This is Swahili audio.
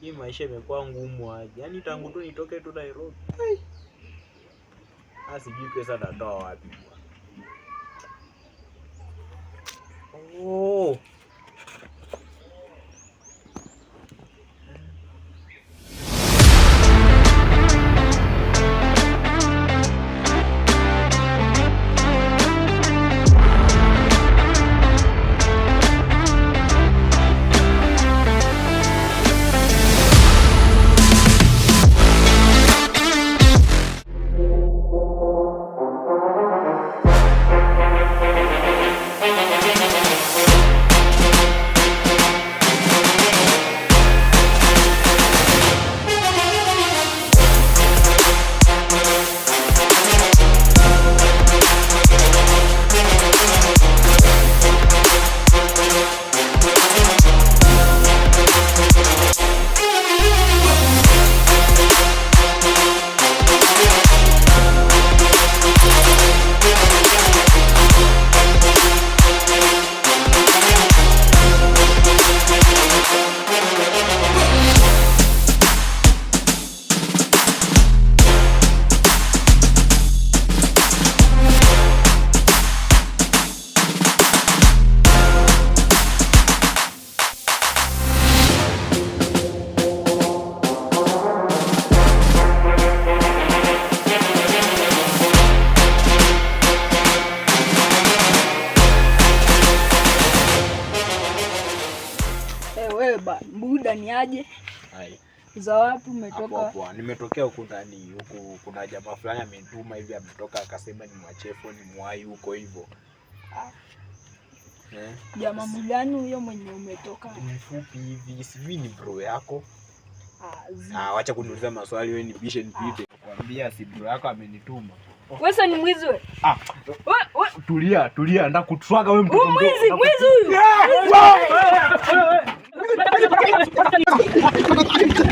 hii maisha imekuwa ngumu aje? Yaani tangu tu nitoke tu Nairobi. Hey. Ah, sijui pesa natoa wapi bwana. ba buda ni aje za wapi umetoka? Nimetokea huku ndani huko kuna jamaa fulani amenituma hivi, ametoka akasema ni mwachefo ni mwai huko hivyo. Ah. Eh, jamaa mgani huyo mwenye umetoka? Mfupi hivi sivi, ni bro yako? Ah, ah, wacha kuniuliza maswali wewe, nibishe nipite. Nakwambia ah. si bro yako amenituma. Oh. Wewe ni mwizi wewe. Ah. Tulia, tulia, ndio kutwaga wewe mtu. Mwizi, mwizi huyu. バカに